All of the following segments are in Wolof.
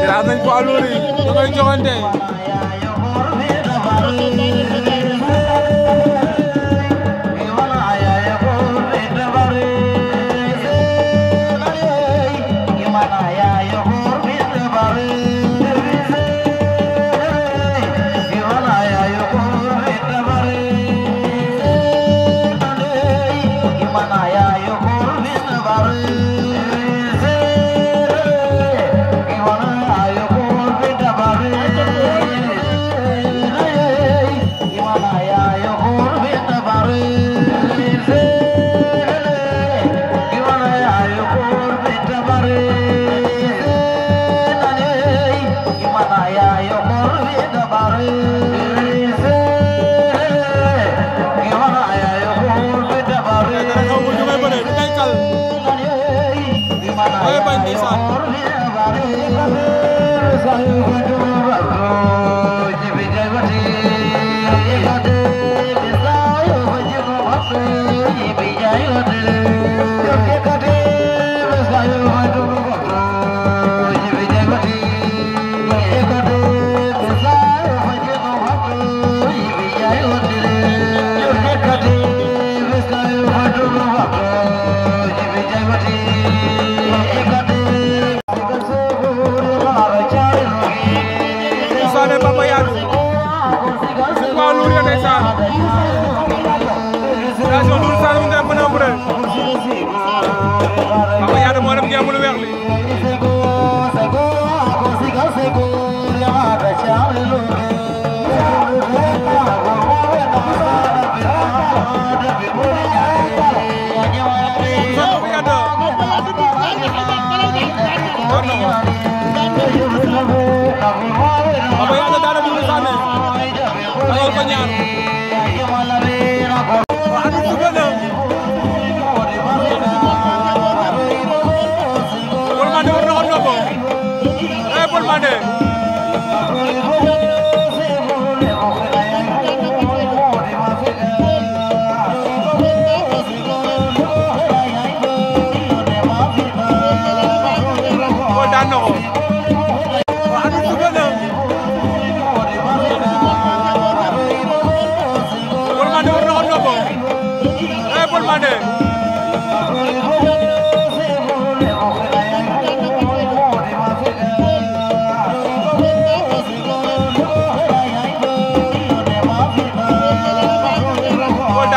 Diraas nañ poids lourd yi da koy joxante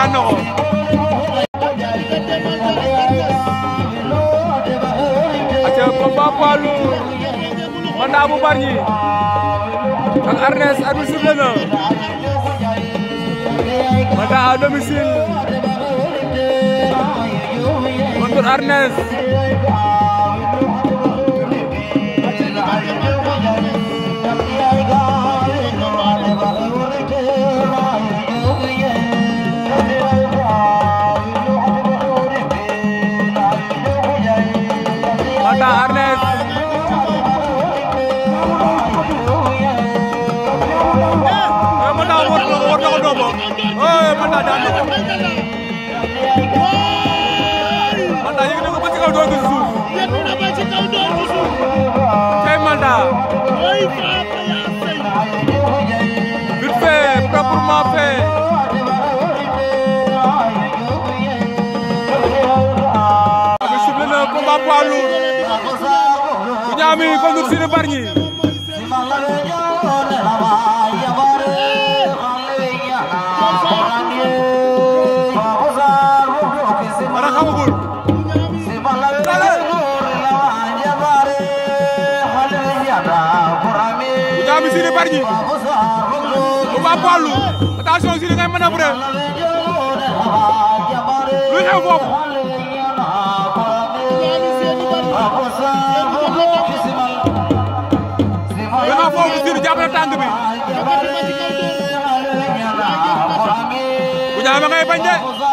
yaa noxo aca combat poids lourd Manda bu Bargny ak Arnès arbitre sifflé na Manda à domicile contre Arnès ta pour ma fee. combat poids lourd. bu ñu amee comme nu Sine Bargny manœuvre lu xew foofu lu xew foofu Sidy jàpp na tànk bi bu jaay ma ngay bañ de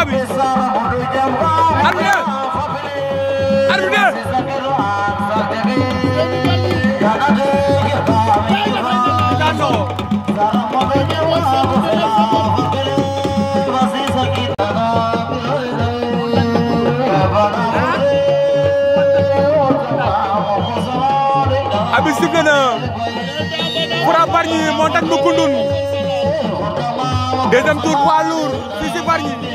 combat bi arbitre arbitre sifflé na Fra Bargny moo tag bu Koundoune deuxième tour poids lourd fii si Bargny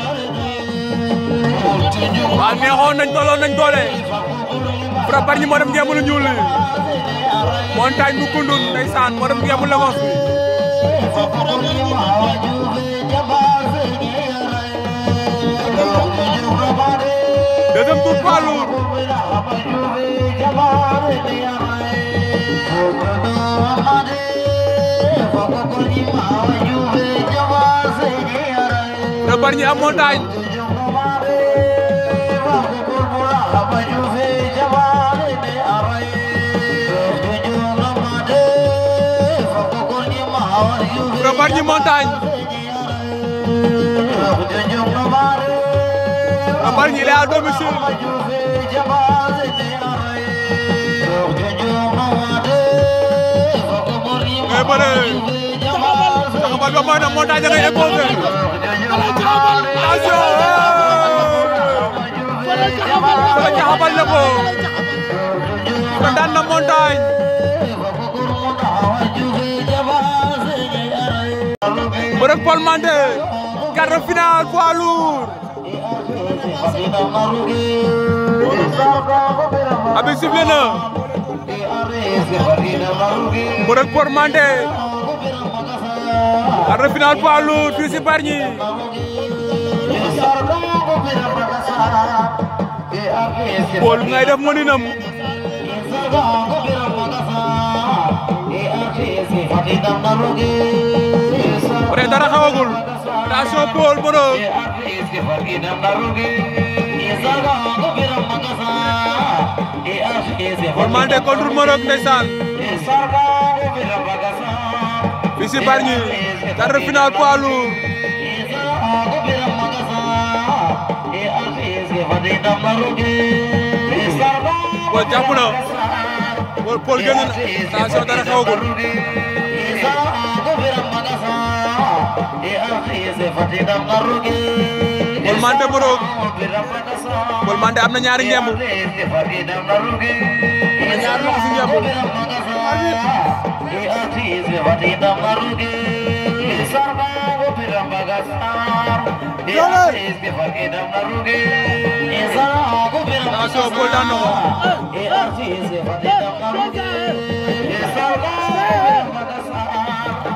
waaw neexoon nañ tolloon nañ doole Fra Bargny moo dem ngeemu lu ñuul li montagne bu kundun ndeysaan moo dem ngeemu Lagos bi deuxième tour poids lourd Fra Bargny am montagne nga Bargny Montagne nga Bargny il est à domicile ngay bëre taxawal ba mooy na Montagne da ngay éponger attention wala jaxabal na ko daan na Montagne Mbeureuck Paul Mandé quart de finale poids lourd abi sifflé na Mbeureuck Paul Mandé quart de finale poids lourd fii si Bargny Paul ngay def moninam après dara xawagul attention Paul Brook Bombardier contre Brook ndeysaan fii si Bargny quart de finale poids lourd Paul jàpp na Paul Paul gën na attention dara xawagul Bul Mandé Brook Bul Mandé am na ñaari ngemb ñaari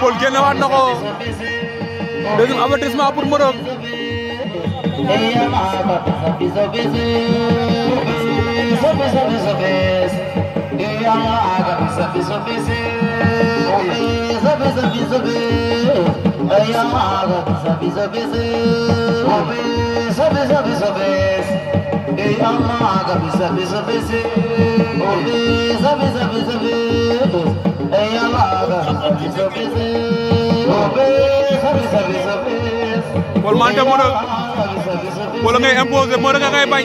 Paul génne waat na ko deuxième avertissement pour Morok سبي سبي سبي سبي سبي يا ماغا سبي سبي سبي سبي سبي سبي يا ماغا سبي سبي سبي سبي سبي سبي يا ماغا سبي سبي سبي سبي سبي سبي wal man da mo wala ngay imposer mo da ngay bañ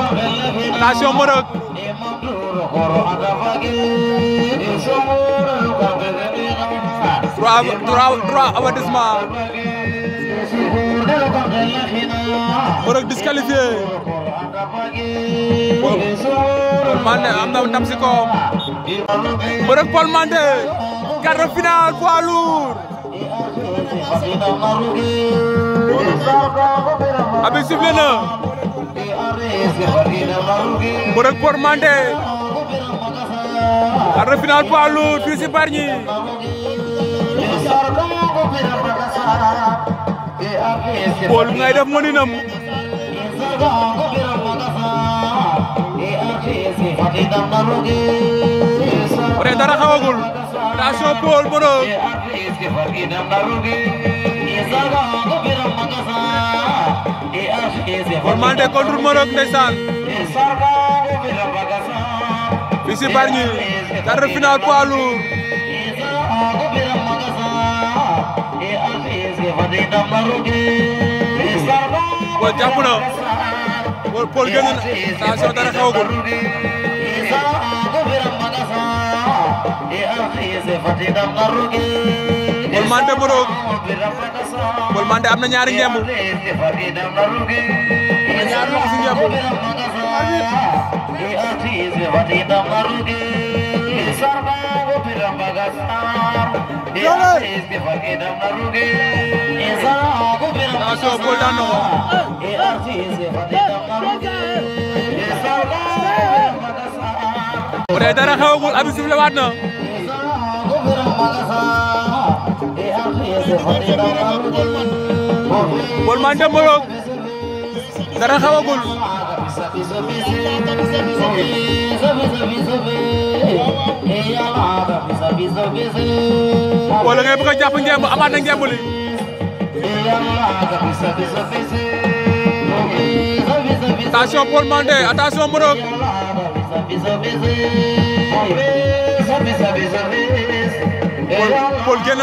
attention Moreug trois trois avertissement Moreug disqualifié Paul Mandé am na ndam si koom Moreug Paul Mandé quart de finale poids lourd abi sifflé na mbërëg Por Mandé arda final paalu fii si Bargny boolu ngay def mëninam pre dara xawagul attention Paul Mbodj Formaldé contre Morok ndeysaan fii si Bargny quart de finale poids lourd Paul jàpp na Paul génn na attention dara xewagul e Paul Mandé Moroom Paul Mandé abi sifle waat na Paul Mané Mbolo dara xawagul wala ngay bëgg a jàpp ngemb amaat na ngemb li attention Paul Mané attention Paul Paul génne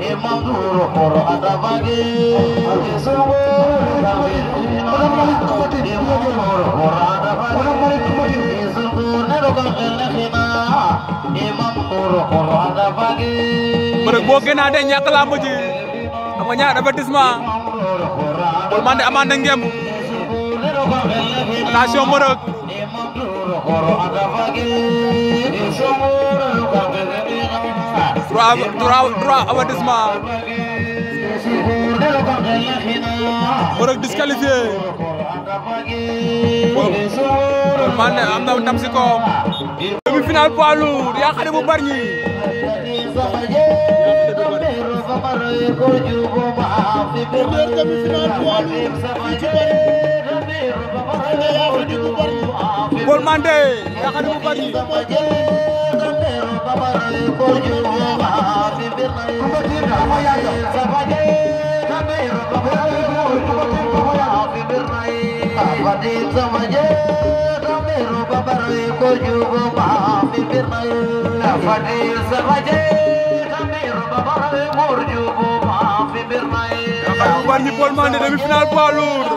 Emang koro adabagi isuwe imanguru koro ada isuwe nerokan elehina imanguru nasional, ji amanya ada betisma Bulmande amande ngem Tasio trois trois avertissement mbër ak am na ndam si final poids lourd Yakhari bu Bargny premier demi final poids lourd fii ci Bargny Paul Mandé demi-finale poids lourd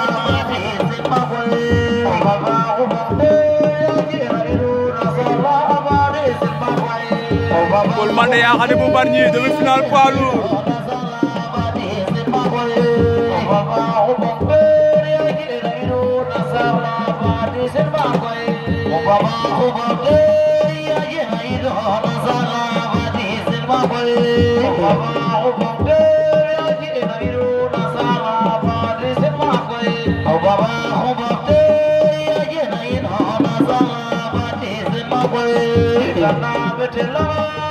Mandé yaa Khady Bombardier demi-finale poids lourd Love.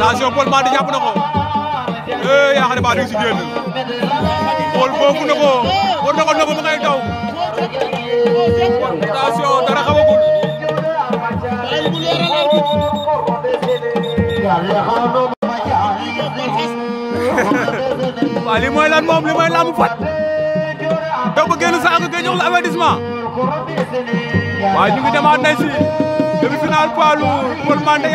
attention Paul Mendy jàpp na ko eh yaakaar ne Mendy si génn Paul foofu na ko war na ko nëbb daw attention dara xamagul. waaw li lan moom li mooy laamu fat doo ko génn saako nga jox la avertissement waaye ñu ngi demaat nañ si demi-finale poids lourd Paul Mendy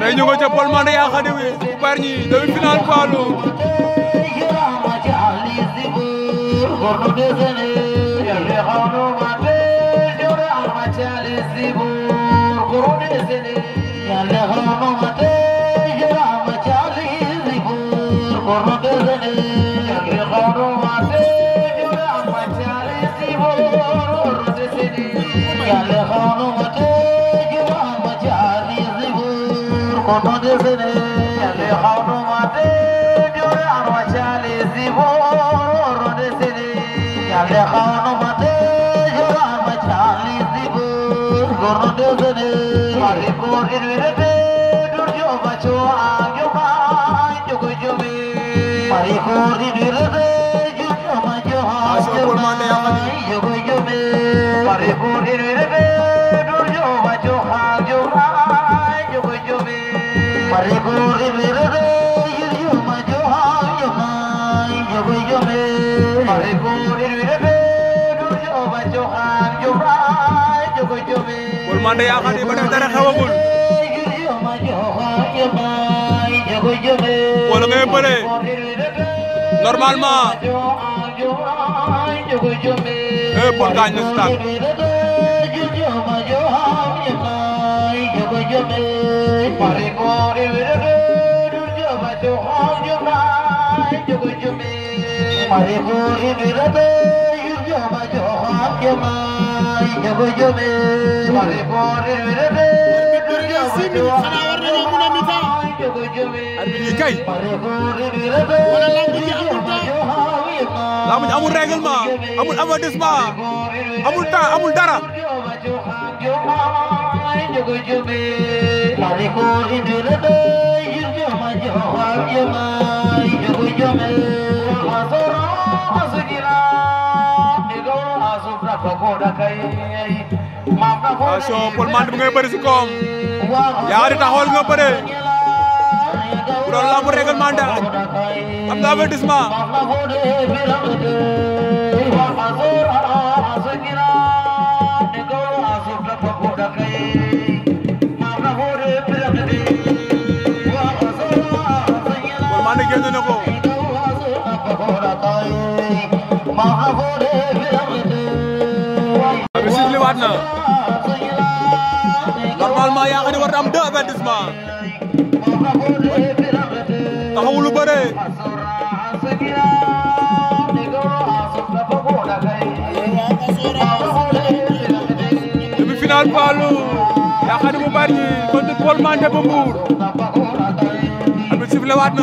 tey ñu ngi ca Paul Mandé yaa xam ne Bargny demi-finale Palu Yalla কটনে ফেরে এলে হন মাঠে জোরে আমার চালে জীবনে ফেরে এলে হন মাঠে জোরে আমার চালে জীবন গরনে ফেরে আগে করির ফেরে দুর্য বাঁচো আগে পাই যোগ জমে Mande yaa xam ne ba jumay pare gore re dur jama to jumay jog jumay pare gore re dur jama to jumay jog jumay pare gore re dur jama to jumay kay wala lamb ji amul temps lamb amul règlement amul avertissement amul temps amul dara gujube Mari kori dirade Yurjuma juma yuma Yurjuma Mazoro azugila Nigoro azubra pagoda kai Aso polman bi ngay bëri si koom yaari taxawal nga bi sifflé waat na normalement Yakaly war am deux avertissement taxawul lu bëre demi-finale Fallou Yakaly bu Bargny contre Paul Mandé bu Mbour bi sifflé waat na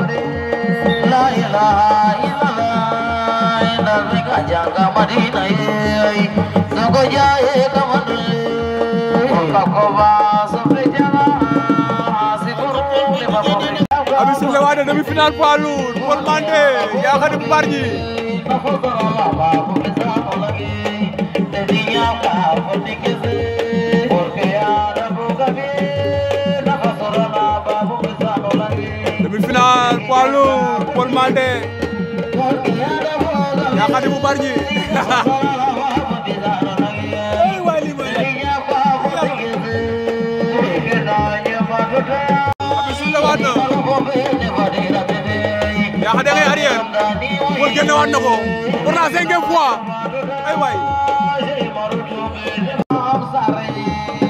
la ilaha illallah inda bika janga madina yi dogo jaye kamadu kakoba sabre jala asifuru le babu abi sifle wade demi final poids lourd Paul Mandé ya xadi barñi Balde yaa xadi bu bari ñi yaa xadi ngay arrière pour génne waat na ko pour la cinquième fois ay waay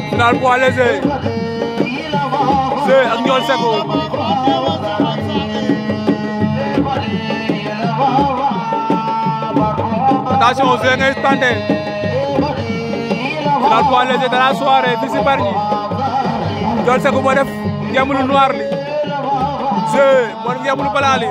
final poids léger c'est ak ñool seko attention Ouzin ngay tante final poids léger la soirée fii si Bargny Ndiol Seck moo def ngeemul noir li Ouzin moo def ngeemul balaa li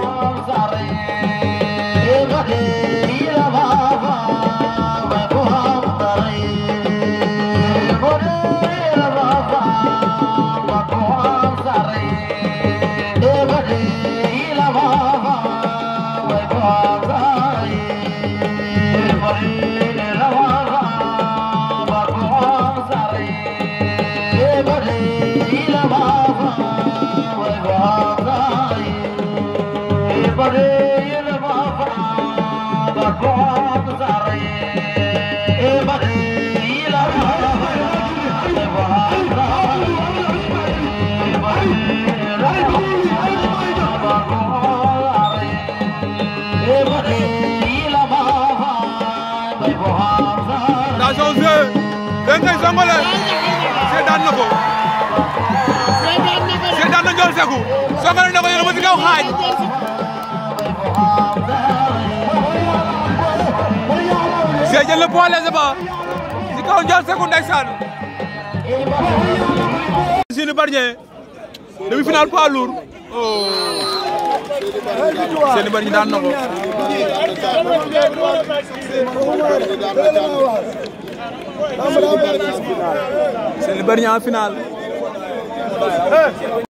Sambale Cheikh oh. daan na ko Cheikh daan na Ndiol Seku Sambale na ko yéen a ma si kaw xaaj Cheikh jël na poids léger ba si kaw Ndiol Seku ndeysaan Sini Bargné demi-finale poids lourd Seny Bargny daan na ko Seen lu bari ñaa final